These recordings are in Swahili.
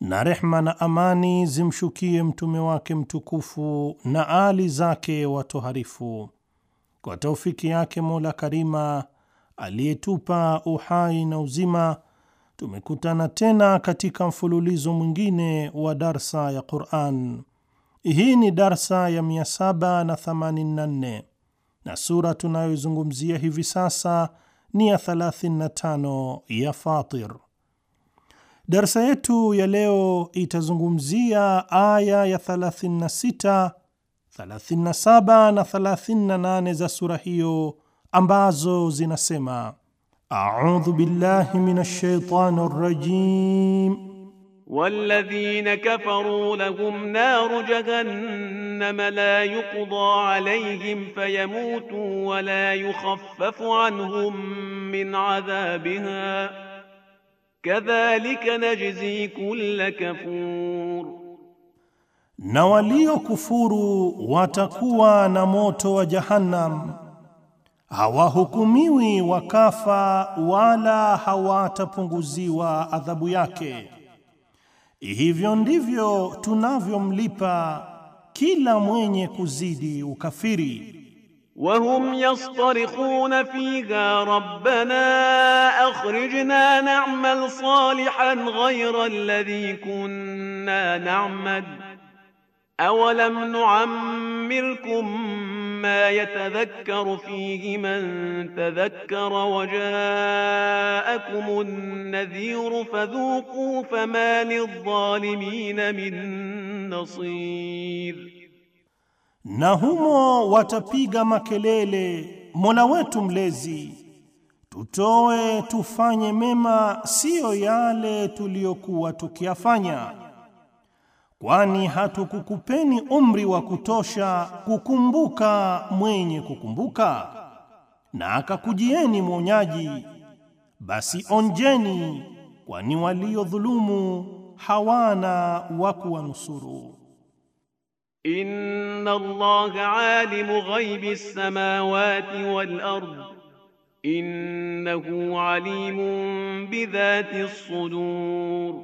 na rehma na amani zimshukie mtume wake mtukufu na ali zake watoharifu. Kwa taufiki yake Mola Karima aliyetupa uhai na uzima, tumekutana tena katika mfululizo mwingine wa darsa ya Quran. Hii ni darsa ya 784 na sura tunayoizungumzia hivi sasa ni ya 35 ya Fatir. Darsa yetu ya leo itazungumzia aya ya 36, 37 na 38 za sura hiyo ambazo zinasema: audhu billahi minash shaitani rajim walladhina kafaru lahum naru jahannam la yuqda alayhim fayamutu wa la yukhaffafu anhum min adhabiha kadhalika najzi kulla kafur, na waliokufuru watakuwa na moto wa Jahannam, hawahukumiwi wakafa wala hawatapunguziwa adhabu yake. Hivyo ndivyo tunavyomlipa kila mwenye kuzidi ukafiri. وهم يصطرخون فيها ربنا أخرجنا نعمل صالحا غير الذي كنا نعمل أولم نعمركم ما يتذكر فيه من تذكر وجاءكم النذير فذوقوا فما للظالمين من نصير na humo watapiga makelele, Mola wetu mlezi, tutoe tufanye mema, siyo yale tuliyokuwa tukiyafanya, kwani hatukukupeni umri wa kutosha kukumbuka mwenye kukumbuka, na akakujieni mwonyaji, basi onjeni, kwani waliodhulumu hawana wa kuwanusuru. إن الله عالم غيب السماوات والأرض إنه عليم بذات الصدور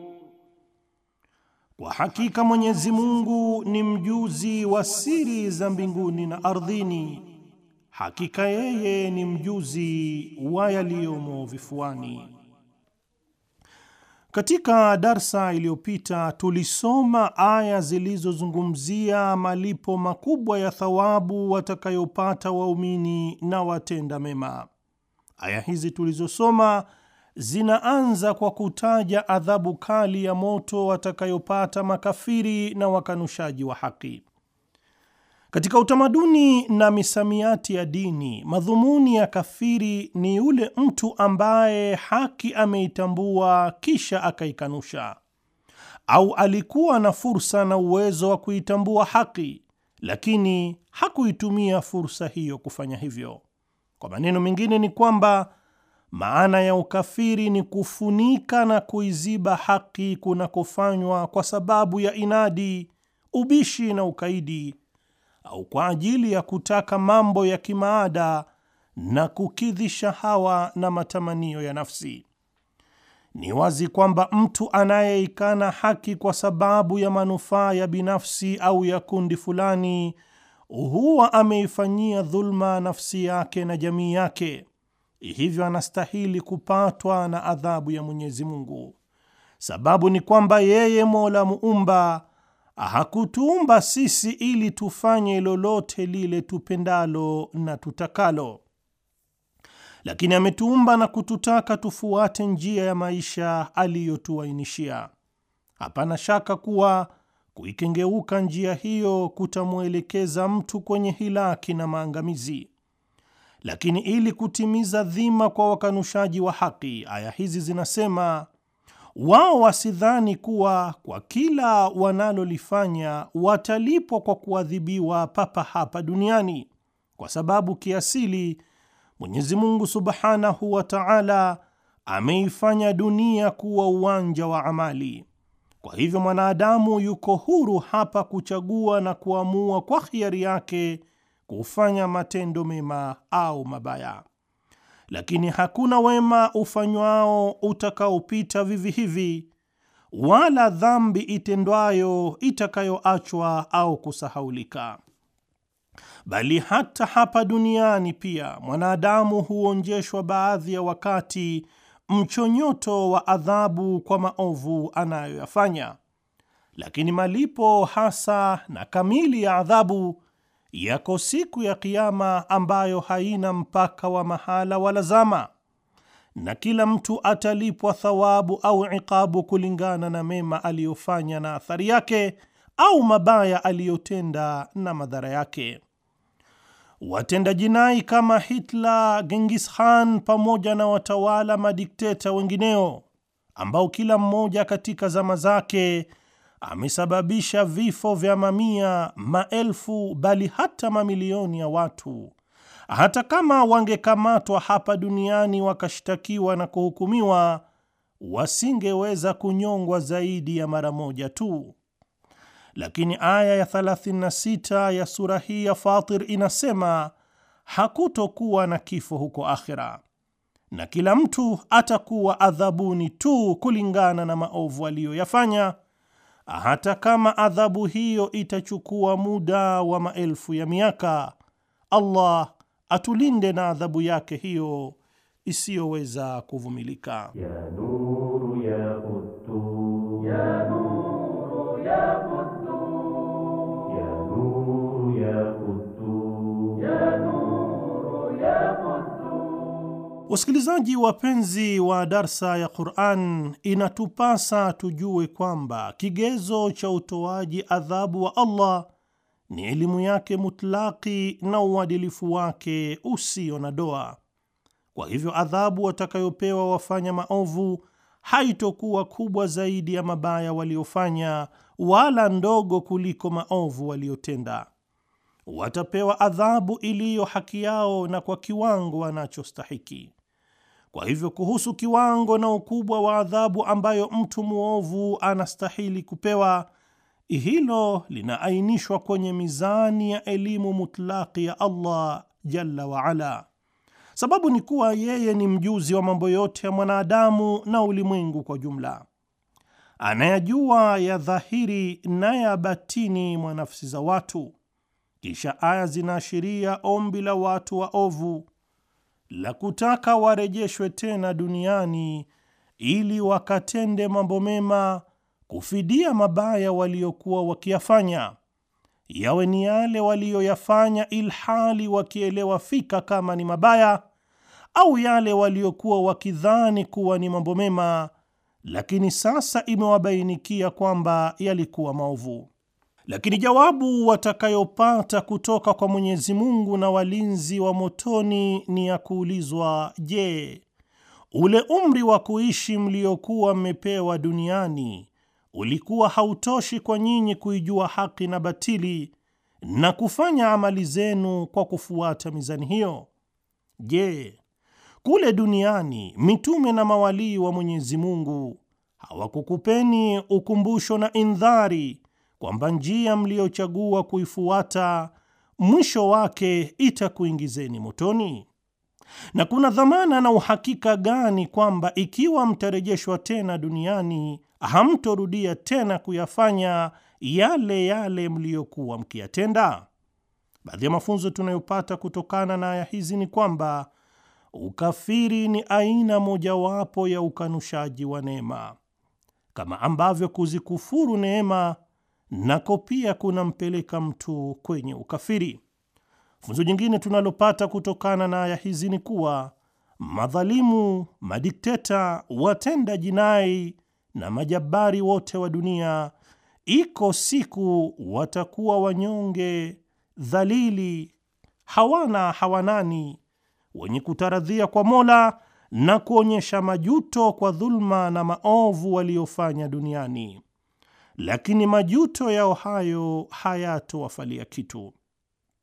وحقيقة من يزمونه نمجوزي والسيري زنبنغوني نأرضيني حقيقة يهي نمجوزي ويليومو في فواني Katika darsa iliyopita tulisoma aya zilizozungumzia malipo makubwa ya thawabu watakayopata waumini na watenda mema. Aya hizi tulizosoma zinaanza kwa kutaja adhabu kali ya moto watakayopata makafiri na wakanushaji wa haki. Katika utamaduni na misamiati ya dini, madhumuni ya kafiri ni yule mtu ambaye haki ameitambua kisha akaikanusha, au alikuwa na fursa na uwezo wa kuitambua haki lakini hakuitumia fursa hiyo kufanya hivyo. Kwa maneno mengine, ni kwamba maana ya ukafiri ni kufunika na kuiziba haki kunakofanywa kwa sababu ya inadi, ubishi na ukaidi au kwa ajili ya kutaka mambo ya kimaada na kukidhi shahawa na matamanio ya nafsi. Ni wazi kwamba mtu anayeikana haki kwa sababu ya manufaa ya binafsi au ya kundi fulani huwa ameifanyia dhulma nafsi yake na jamii yake, hivyo anastahili kupatwa na adhabu ya Mwenyezi Mungu. Sababu ni kwamba yeye Mola muumba hakutuumba sisi ili tufanye lolote lile tupendalo na tutakalo, lakini ametuumba na kututaka tufuate njia ya maisha aliyotuainishia. Hapana shaka kuwa kuikengeuka njia hiyo kutamwelekeza mtu kwenye hilaki na maangamizi. Lakini ili kutimiza dhima kwa wakanushaji wa haki, aya hizi zinasema wao wasidhani kuwa kwa kila wanalolifanya watalipwa kwa kuadhibiwa papa hapa duniani, kwa sababu kiasili Mwenyezi Mungu Subhanahu wa Ta'ala ameifanya dunia kuwa uwanja wa amali. Kwa hivyo mwanadamu yuko huru hapa kuchagua na kuamua kwa khiari yake kufanya matendo mema au mabaya lakini hakuna wema ufanywao utakaopita vivi hivi, wala dhambi itendwayo itakayoachwa au kusahaulika. Bali hata hapa duniani pia mwanadamu huonjeshwa baadhi ya wakati mchonyoto wa adhabu kwa maovu anayoyafanya, lakini malipo hasa na kamili ya adhabu yako siku ya Kiama ambayo haina mpaka wa mahala wala zama, na kila mtu atalipwa thawabu au iqabu kulingana na mema aliyofanya na athari yake, au mabaya aliyotenda na madhara yake. Watenda jinai kama Hitler, Genghis Khan pamoja na watawala madikteta wengineo ambao kila mmoja katika zama zake amesababisha vifo vya mamia, maelfu, bali hata mamilioni ya watu. Hata kama wangekamatwa hapa duniani wakashtakiwa na kuhukumiwa, wasingeweza kunyongwa zaidi ya mara moja tu. Lakini aya ya 36 ya sura hii ya Fatir inasema hakutokuwa na kifo huko akhira, na kila mtu atakuwa adhabuni tu kulingana na maovu aliyoyafanya hata kama adhabu hiyo itachukua muda wa maelfu ya miaka. Allah atulinde na adhabu yake hiyo isiyoweza kuvumilika ya nuru ya kutu, ya nuru. Wasikilizaji wapenzi wa darsa ya Qur'an, inatupasa tujue kwamba kigezo cha utoaji adhabu wa Allah ni elimu yake mutlaki na uadilifu wake usio na doa. Kwa hivyo, adhabu watakayopewa wafanya maovu haitokuwa kubwa zaidi ya mabaya waliofanya, wala ndogo kuliko maovu waliotenda. Watapewa adhabu iliyo haki yao na kwa kiwango wanachostahiki. Kwa hivyo kuhusu kiwango na ukubwa wa adhabu ambayo mtu mwovu anastahili kupewa, hilo linaainishwa kwenye mizani ya elimu mutlaki ya Allah jalla waala. Sababu ni kuwa yeye ni mjuzi wa mambo yote ya mwanadamu na ulimwengu kwa jumla, anayajua ya dhahiri na ya batini mwa nafsi za watu. Kisha aya zinaashiria ombi la watu waovu la kutaka warejeshwe tena duniani ili wakatende mambo mema kufidia mabaya waliokuwa wakiyafanya, yawe ni yale waliyoyafanya ilhali wakielewa fika kama ni mabaya, au yale waliokuwa wakidhani kuwa ni mambo mema, lakini sasa imewabainikia kwamba yalikuwa maovu lakini jawabu watakayopata kutoka kwa Mwenyezi Mungu na walinzi wa motoni ni ya kuulizwa, je, ule umri wa kuishi mliokuwa mmepewa duniani ulikuwa hautoshi kwa nyinyi kuijua haki na batili na kufanya amali zenu kwa kufuata mizani hiyo? Je, kule duniani mitume na mawalii wa Mwenyezi Mungu hawakukupeni ukumbusho na indhari kwamba njia mliyochagua kuifuata mwisho wake itakuingizeni motoni? Na kuna dhamana na uhakika gani kwamba ikiwa mtarejeshwa tena duniani hamtorudia tena kuyafanya yale yale mliyokuwa mkiyatenda? Baadhi ya mafunzo tunayopata kutokana na aya hizi ni kwamba ukafiri ni aina mojawapo ya ukanushaji wa neema, kama ambavyo kuzikufuru neema nako pia kunampeleka mtu kwenye ukafiri. Funzo jingine tunalopata kutokana na aya hizi ni kuwa madhalimu, madikteta, watenda jinai na majabari wote wa dunia, iko siku watakuwa wanyonge, dhalili, hawana hawanani, wenye kutaradhia kwa Mola na kuonyesha majuto kwa dhulma na maovu waliofanya duniani lakini majuto yao hayo hayatowafalia kitu.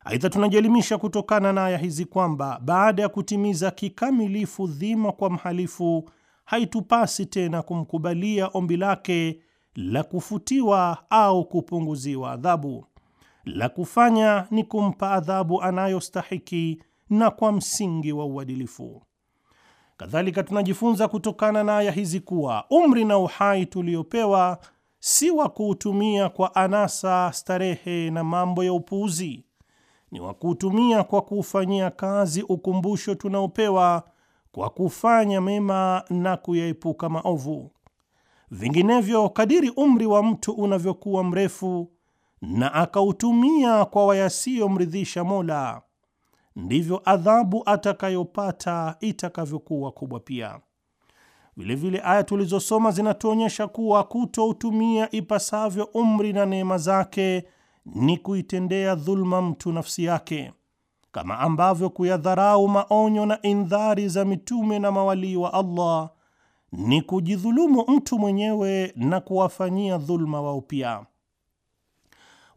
Aidha, tunajielimisha kutokana na aya hizi kwamba baada ya kutimiza kikamilifu dhima kwa mhalifu, haitupasi tena kumkubalia ombi lake la kufutiwa au kupunguziwa adhabu. La kufanya ni kumpa adhabu anayostahiki na kwa msingi wa uadilifu. Kadhalika, tunajifunza kutokana na aya hizi kuwa umri na uhai tuliopewa si wa kuutumia kwa anasa, starehe na mambo ya upuuzi, ni wa kuutumia kwa kuufanyia kazi ukumbusho tunaopewa kwa kufanya mema na kuyaepuka maovu. Vinginevyo, kadiri umri wa mtu unavyokuwa mrefu na akautumia kwa wayasiyomridhisha Mola, ndivyo adhabu atakayopata itakavyokuwa kubwa pia. Vilevile aya tulizosoma zinatuonyesha kuwa kutoutumia ipasavyo umri na neema zake ni kuitendea dhuluma mtu nafsi yake, kama ambavyo kuyadharau maonyo na indhari za mitume na mawalii wa Allah ni kujidhulumu mtu mwenyewe na kuwafanyia dhuluma wao pia.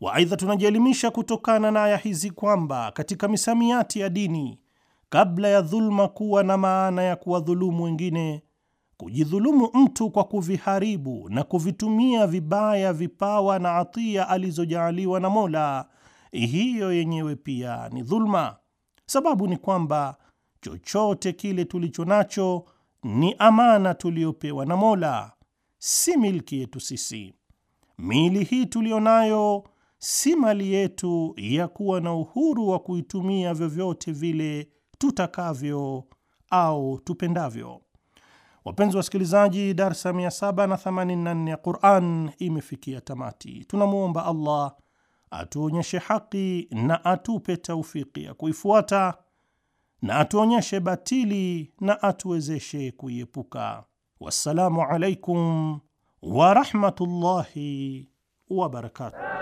Waaidha, tunajielimisha kutokana na aya hizi kwamba katika misamiati ya dini, kabla ya dhulma kuwa na maana ya kuwadhulumu wengine Kujidhulumu mtu kwa kuviharibu na kuvitumia vibaya vipawa na atia alizojaaliwa na Mola, hiyo yenyewe pia ni dhulma. Sababu ni kwamba chochote kile tulicho nacho ni amana tuliyopewa na Mola, si milki yetu sisi. Mili hii tuliyo nayo si mali yetu ya kuwa na uhuru wa kuitumia vyovyote vile tutakavyo au tupendavyo. Wapenzi wasikilizaji, darsa 784 ya Quran imefikia tamati. Tunamwomba Allah atuonyeshe haki na atupe taufiki ya kuifuata na atuonyeshe batili na atuwezeshe kuiepuka. Wassalamu alaikum warahmatullahi wabarakatuh.